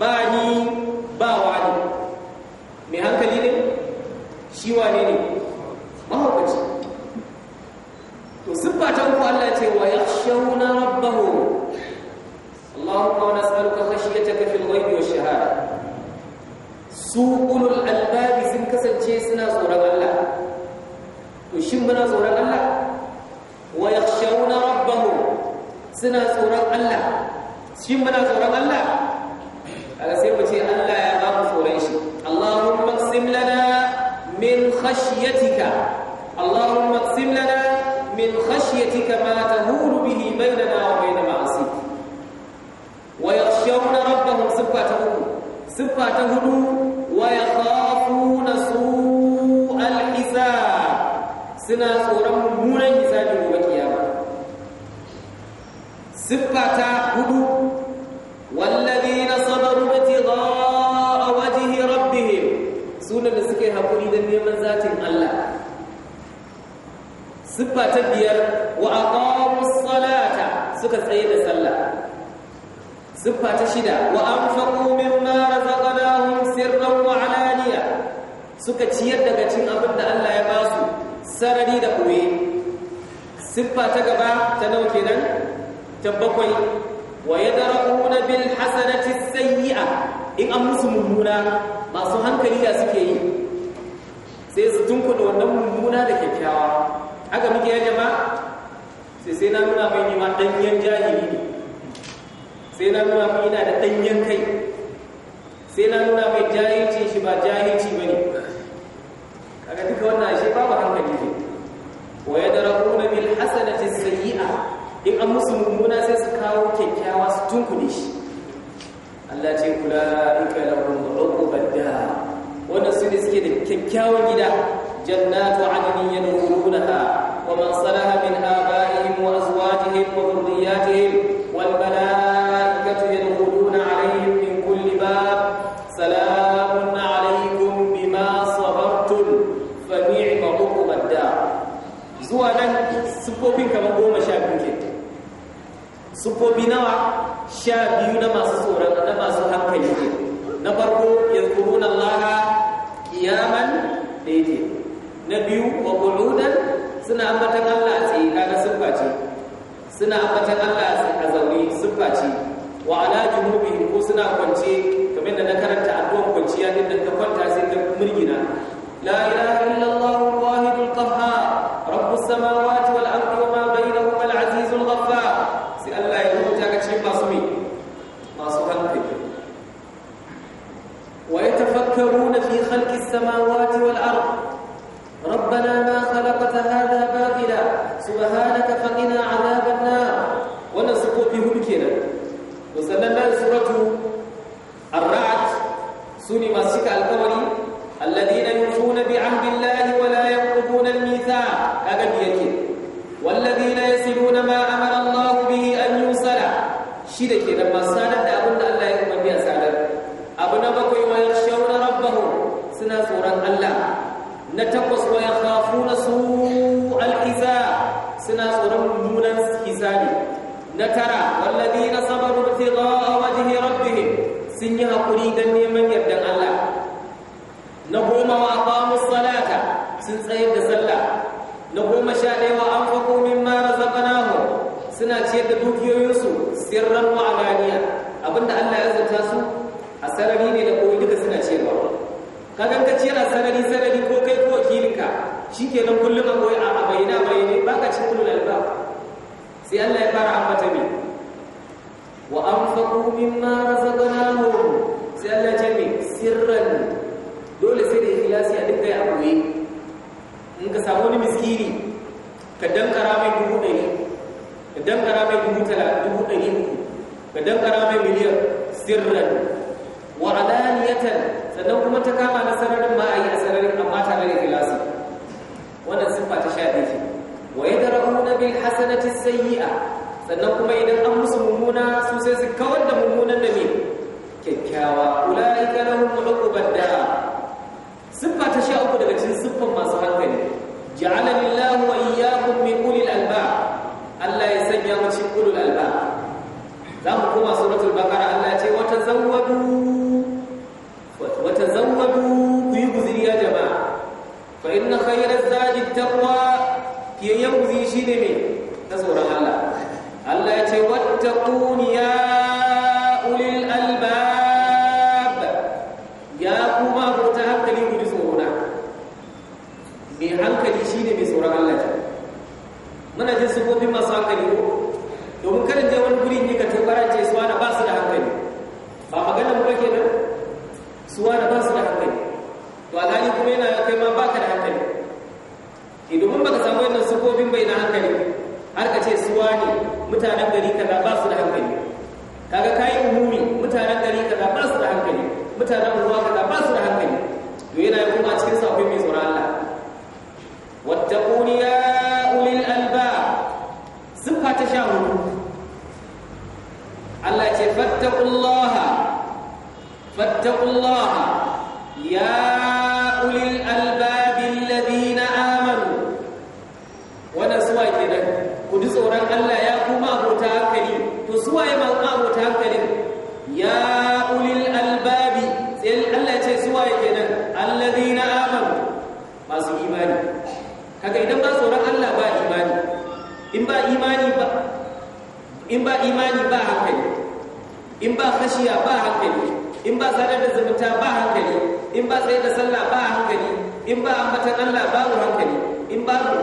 ba ni ba wani mai hankali ne shi wane ne mahaukaci to siffa ta uku Allah ce wa ya yakhshawna rabbahum Allahumma wa nas'aluka khashyataka fil ghaibi wash shahada su ulul albabi sun kasance suna tsoron Allah to shin muna tsoron Allah wa ya yakhshawna rabbahum suna tsoron Allah shin muna tsoron Allah kaga sai mu ce Allah ya ba mu tsoron shi Allahumma qsim lana min khashyatika Allahumma qsim lana min khashyatika ma tahulu bihi bainana wa bain ma'asik wa yakhshawna rabbahum ta ta hudu wa yakhafuna su'al hisab suna tsoron mummunan hisabi gobe kiyama ta siffa ta biyar wa aqamus salata suka tsaye da sallah siffa ta shida wa anfaqu mimma razaqnahum sirran wa alaniya suka ciyar daga cin abin da Allah ya basu sarari da koyi siffa ta gaba ta nawa kenan ta bakwai wa yadra'una bil hasanati sayyi'a in an musu mummuna masu hankali da suke yi sai su tunkuɗa wannan mummuna da kyakkyawa haka muke ya ba sai sai na nuna mai nima ɗanyen jahili ne sai na nuna mai yana da ɗanyen kai sai na nuna mai jahilci shi ba jahilci ba ne kaga duka wannan ashe babu hankali ne wa ya da rahuna bil hasanati sayyi'a in an musu mummuna sai su kawo kyakkyawa su tunkune shi Allah ce kula in kai lahum uqubad da wannan su ne suke da kyakkyawan gida جنات عدن يدخلونها ومن صلح من آبائهم وأزواجهم وذرياتهم والملائكة يدخلون عليهم من كل باب سلام عليكم بما صبرتم فنعم عقب الدار زوانا سبوبين كما قوم شابين سبوبين نوع شابين ما سورة ما سورة na farko yadhkuruna Allah na biyu wa qu'udan suna ambatan Allah a tsaye kaga siffa ce suna ambatan Allah a zaune siffa ce wa ala junubihim ko suna kwance kamar da na karanta addu'an kwanciya din da ka kwanta sai ka murgina la ilaha suna tsoron Allah na takwas wa yakhafuna su'al hisab suna tsoron mummunan hisabi na tara walladina sabaru ibtigha'a wajhi rabbihim sun yi hakuri dan neman yardan Allah na goma wa aqamus salata sun tsayar da sallah na goma sha ɗaya wa anfaqu mimma razaqnahum suna ciyar da dukiyoyinsu sirran wa alaniya abinda Allah ya zata su a sarari ne da koyi duka suna ciyarwa ka ganka sarari sarari ko kai ko wakilinka nan kullum a koyi a bayyana ka baka cikin alba sai Allah ya fara ambata me wa anfaqu mimma razaqnahum sai Allah ya ce sirran dole sai da ikhlasi a dukkan koyi in ka samu wani miskiri ka dankara mai dubu ɗari ka dankara mai dubu talatin dubu ɗari ka dankara mai miliyan sirran za mu koma suratul baqara Allah ce wata zawwadu wata zawwadu ku yi guziri ya jama'a fa inna khayra zadi taqwa kiyayen guziri shine me na tsoron Allah Allah ya ce wattaquni ya ne mutanen gari kaza ba su da hankali kaga kayi umumi mutanen gari kaza ba su da hankali mutanen ruwa kaza ba su da hankali to yana yi kuma cikin sa mai tsoron Allah wattaquni ya ulil alba sifa ta sha hudu Allah ya ce fattaqullaha fattaqullaha ya su waye ma ta hankalin ya ulil albabi sai Allah ce su waye kenan na amanu masu imani kaga idan ba tsoron Allah ba imani in ba imani ba in ba imani ba hankali in ba khashiya ba hankali in ba tsada da zumunta ba hankali in ba tsaye da sallah ba hankali in ba ambatan Allah babu hankali in babu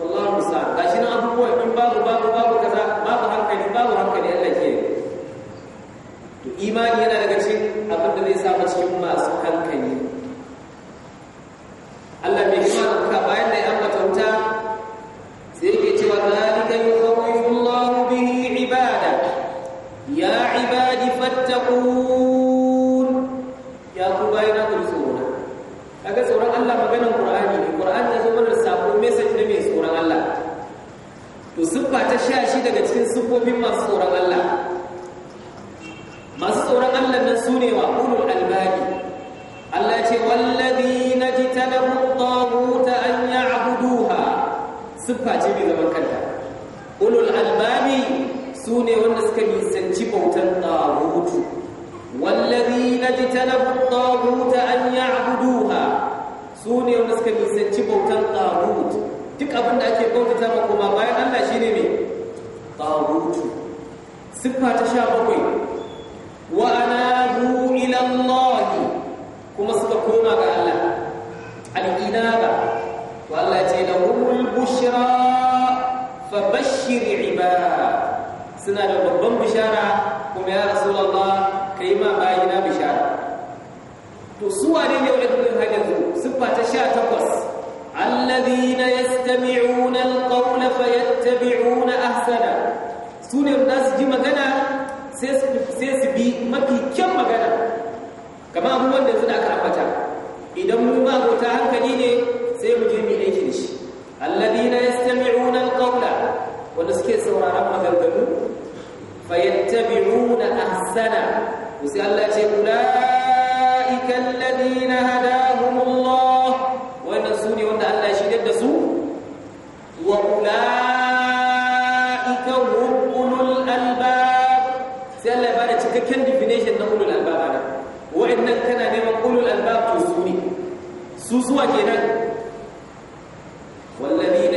wallahi musa gashi na abubuwa in babu babu babu kaza babu hankali to imani yana daga cikin abin da zai samu cikin masu hankali Allah bai hima ɗauka bayan da ya ambata wuta sai yake cewa zalika yukhawifu Allahu bihi ibada ya ibadi fattaqun ya ku bayan da tsoro kaga tsoron Allah maganar Qur'ani ne Qur'ani ya zo mana sako message da mai tsoron Allah to siffa ta 16 daga cikin siffofin masu tsoron Allah su ne wa ulul albabi Allah ce wallazi najtanabu taguta an ya'buduha siffa ce mai zaman kanta ulul albabi su ne wanda suka yi nisanci bautan tagutu wallazi najtanabu taguta an ya'buduha su ne wanda suka yi nisanci bautan tagutu duk abin da ake bautata ma kuma bayan Allah shine mai tagutu siffa ta 17 وأنا suka koma ga Allah al-inaba to Allah ya ce lahumul bushra fabashshir ibada suna da babban bishara kuma ya rasulullah kai ma bayina bishara to su wane ne ulul hajjatu sifa ta 18 alladhina yastami'una al-qawla fayattabi'una ahsana sune da su ji magana sai su bi mafi kyan magana kamar abubuwan da yanzu da idan mu ma ta hankali ne sai mu je mu aiki da shi alladina yastami'una alqawla wanda suke sauraron maganganu fayattabi'una ahsana sai Allah ce ulaika alladina hada wannan tana neman ulul albab su ne su zuwa kenan والذين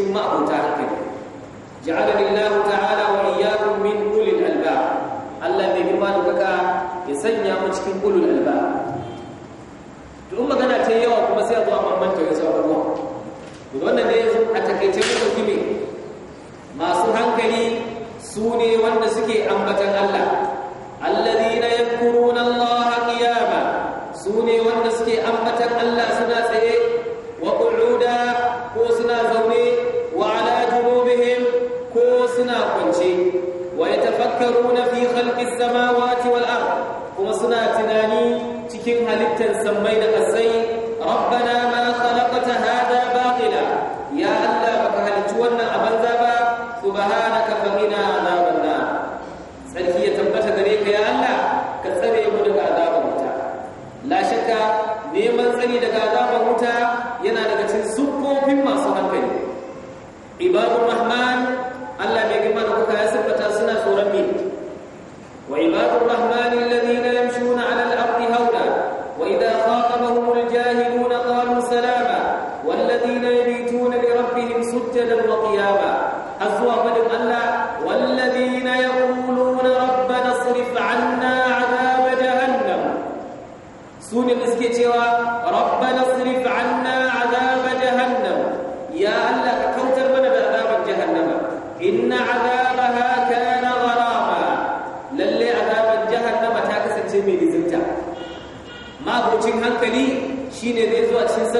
cikin ma'abota hankali ja'alani Allah ta'ala wa iyyakum min ulil albab Allah mai girma da ya sanya mu cikin ulul albab to in magana ta yawa kuma sai a zo a mamanta ga sauran ruwa wannan ne a takaice muka kime masu hankali su ne wanda suke ambatan Allah alladhina yadhkuruna Allah qiyama su ne wanda suke ambatan Allah suna yatafakkarun fi khalqi samawati wal ard kuma suna tunani cikin halittar sammai da a rabbana ma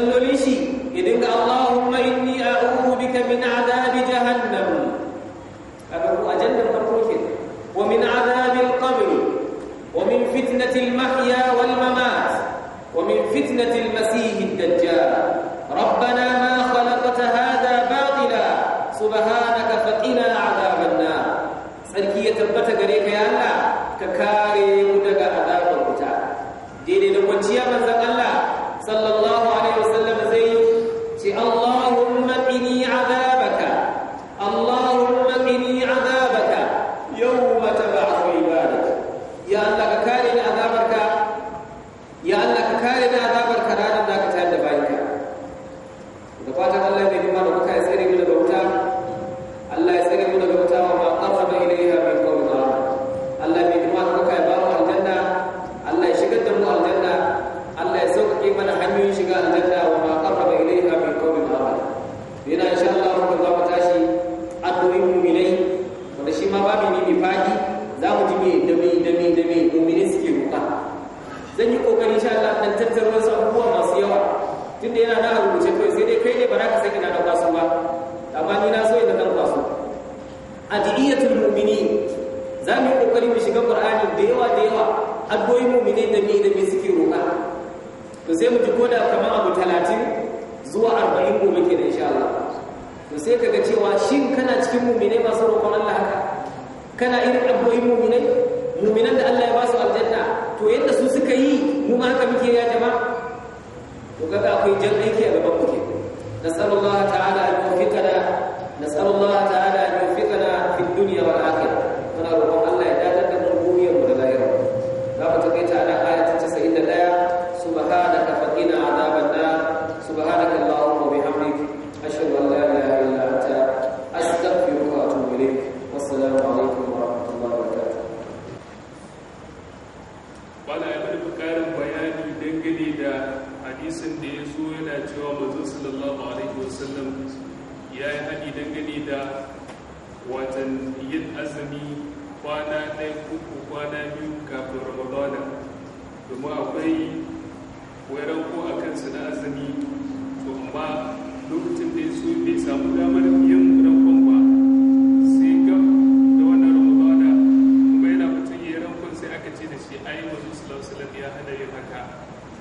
Indonesi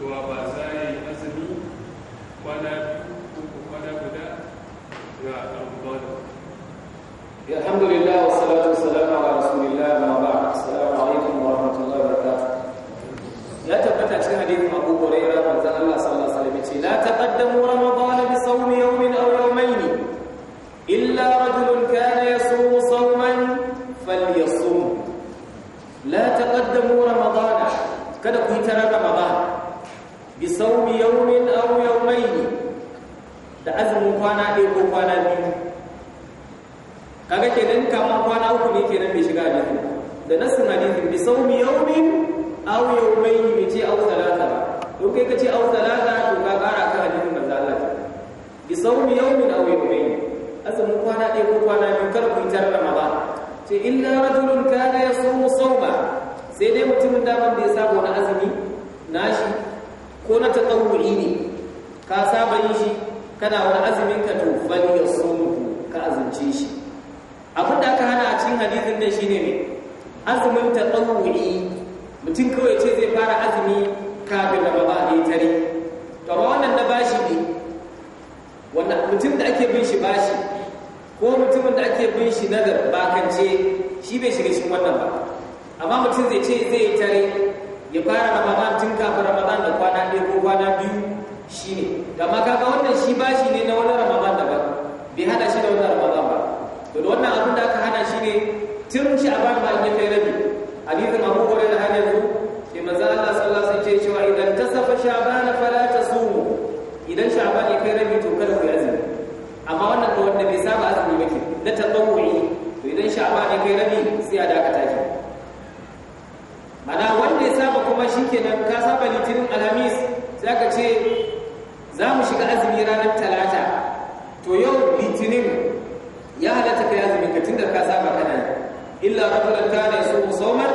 o Abad kwana uku ne kenan bai shiga hadisin da na hadisin bi saumi yawmin aw yawmayn bai ce aw talata to kai ka ce aw talata to ka kara ka hadisin manzo Allah bi saumi yawmin aw yawmayn mu kwana ɗaya ko kwana biyu kar ku ma ba ce illa rajulun kana yasumu sawma sai dai mutumin da ban da ya saba wani azumi nashi ko na tatawuri ne ka saba yin shi kana wani azumin ka to bal yasumu ka azumce shi abinda da aka hana a cikin hadisin nan shine ne azumin tatawuri mutum kawai ce zai fara azumi kafin da baba ne tare to ba wannan na bashi ne wannan mutum da ake bin shi bashi ko mutumin da ake bin shi nazar bakance shi bai shiga cikin wannan ba amma mutum zai ce zai yi tare ya fara ramadan tun kafin ramadan da kwana ɗaya ko kwana biyu shi ne amma kaga wannan shi bashi ne na wani ramadan daban bai hada shi da wani ramadan ba to da wannan abin da aka hana shi ne tun shi a ba ba in ya kai rabi hadisin abu hore da hanyar yanzu sai maza Allah sallallahu alaihi wasallam cewa idan safa sha'ban fala sumu idan sha'ban ya kai rabi to kada ku yi azumi amma wannan da wanda bai saba azumi ba ke na tatawuri to idan sha'ban ya kai rabi sai a dakata shi mana wanda ya saba kuma shikenan ka saba litinin alhamis sai ka ce za mu shiga azumi ranar talata to yau ya halatta ka yazumi ka tunda ka saba kana yi illa rajulan kana yasumu sawman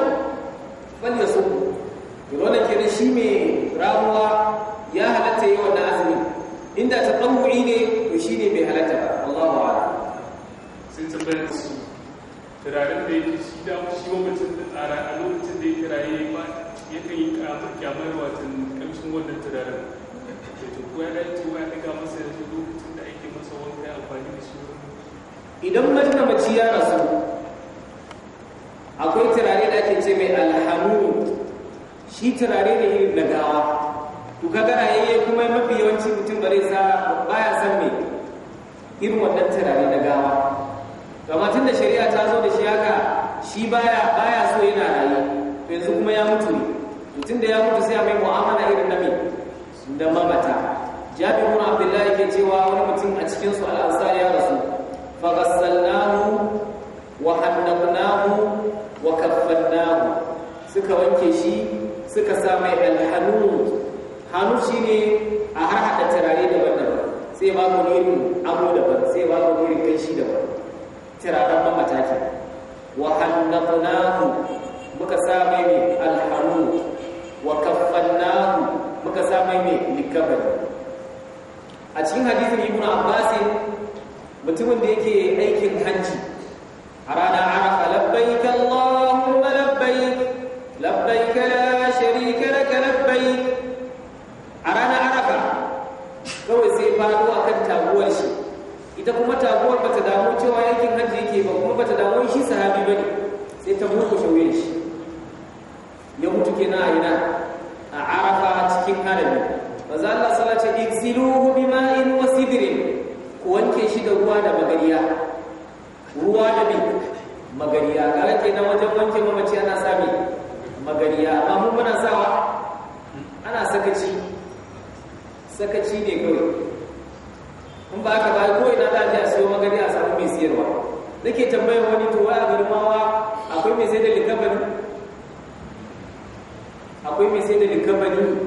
falyasum dole ke ne shi me ramuwa ya halatta yi wannan azumi inda ta tsammu'i ne to shine bai halatta ba Allahu a'lam sai tambayar su turaren da yake shi da shi wa mutum da tsara a lokacin da ya kiraye ba ya kan yi kyamar watan kamshin wannan turaren da ta kuwa ya dace wa ya daga masa yanzu lokacin da ake masa wanka amfani da shi idan mace ya rasu akwai turare da ake ce mai alhamu shi turare da irin na gawa to kaga rayayye kuma mafi yawanci mutum bare sa baya san me irin wannan turare na gawa amma tun da shari'a ta zo da shi haka shi baya baya so yana rayu to yanzu kuma ya mutu ne mutum da ya mutu sai a mai mu'amala irin na me da mamata jabi ibn abdullahi ke cewa wani mutum a cikin su al ya rasu faghassalnahu wa hannabnahu wa kaffannahu suka wanke shi suka sa mai alhanud hanu shine a har harhaɗa turare da wannan, sai ba mu irin abu daban sai ba ku irin kai shi daban turaren mamata mataki. wa hannabnahu muka sa mai mai alhanud wa kaffannahu muka sa mai mai likabari a cikin hadisin ibnu abbasin mutumin da yake aikin hajji a rana sakaci ne kawai in ba aka bayan ko ina za a siyo magani a samu mai siyarwa da ke tambayar wani to a garmawa akwai mai sai da likabani akwai mai sai da likabani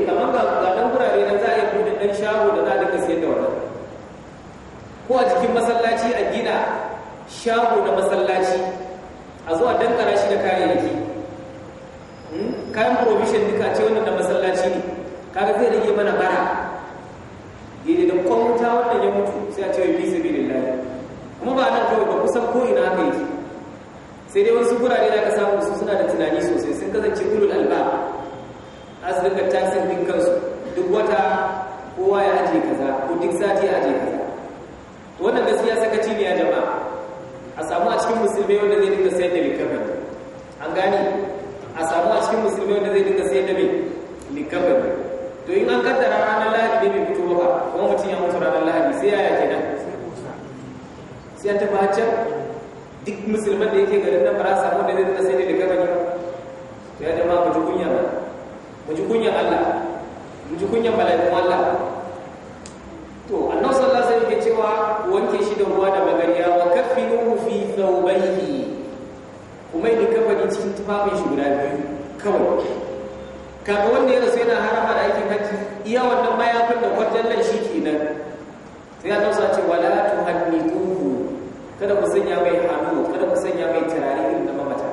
eh kamar ga gadan gurare nan za a yi buɗe ɗan shago da za a dinga sayar da wannan ko a cikin masallaci a gina shago na masallaci a zuwa dankara shi da kayayyaki hmm? kayan provision duka ce wannan da masallaci ne kaga zai rage mana bara daidai da kwamfuta wannan ya mutu sai a ce wa fi sabi lillahi kuma ba nan kawai ba kusan ko ina aka yi. sai dai wasu gurare da ka samu su suna da tunani sosai sun kasance ulul albab da ta aje kaza ko duk sati aje kaza wannan gaskiya sakaci ne ya jama'a a samu a cikin musulmi wanda zai dinga sayar da likafin an gani a samu a cikin musulmi wanda zai dinga sayar da mai likafin to in an kaddara ranar lahadi ne bai fito ba kuma mutum ya mutu ranar lahadi sai yaya kenan sai an tafi can duk musulman da yake garin nan ba samu da zai dinga sayar da likafin ya jama'a mu ji kunya ba mu ji kunya Allah mu ji kunya mala'ikun Allah to annabi sallallahu alaihi wasallam cewa wanke shi da ruwa da magariya wa kaffinuhu fi thawbayhi kuma ni kafani cikin tufafin shi guda biyu kawai kaga wanda ya rasu yana harama da aikin haji iya wannan mayafin da kwatallan shi kenan sai annabi sa ce wala tuhannituhu kada ku sanya mai hannu kada ku sanya mai turare irin na mamata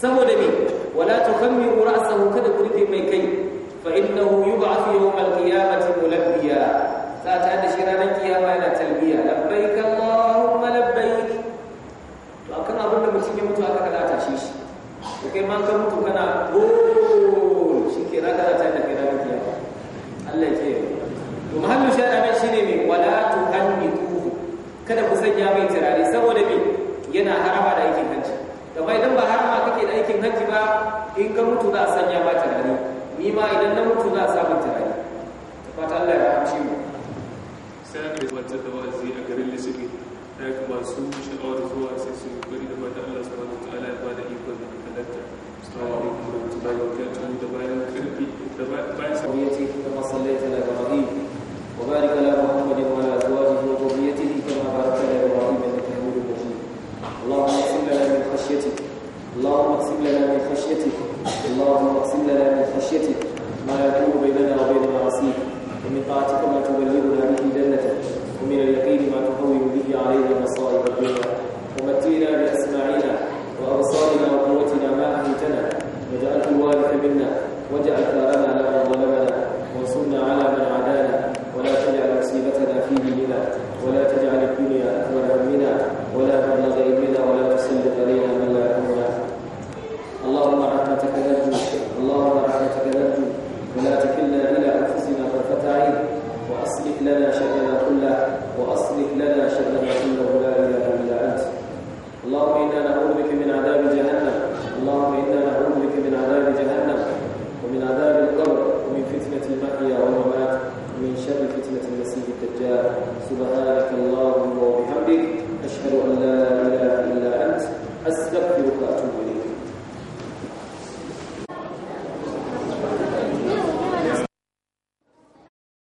saboda me wala tukammiru ra'sahu kada ku rufe mai kai fa innahu yub'athu yawm al-qiyamati mulabbiya za ta tada shi ranar kiyama yana talbiya labbaik Allahumma labbaik to akan abin da mutum ya mutu aka kada ta shi shi to kai ma ka mutu kana gol shi ke raka za ta da kai ranar kiyama Allah ke to shi shara mai shine mai wala tuhannitu kada ku sanya mai turare saboda me yana harama da aikin hajji gaba idan ba harama kake da aikin hanci ba in ka mutu za a sanya ba turare ni ma idan na mutu za a samun turare fata Allah ya rahamce mu sai wace gabatar da wa'azi a garin lissafi da aka masu sha'awar zuwa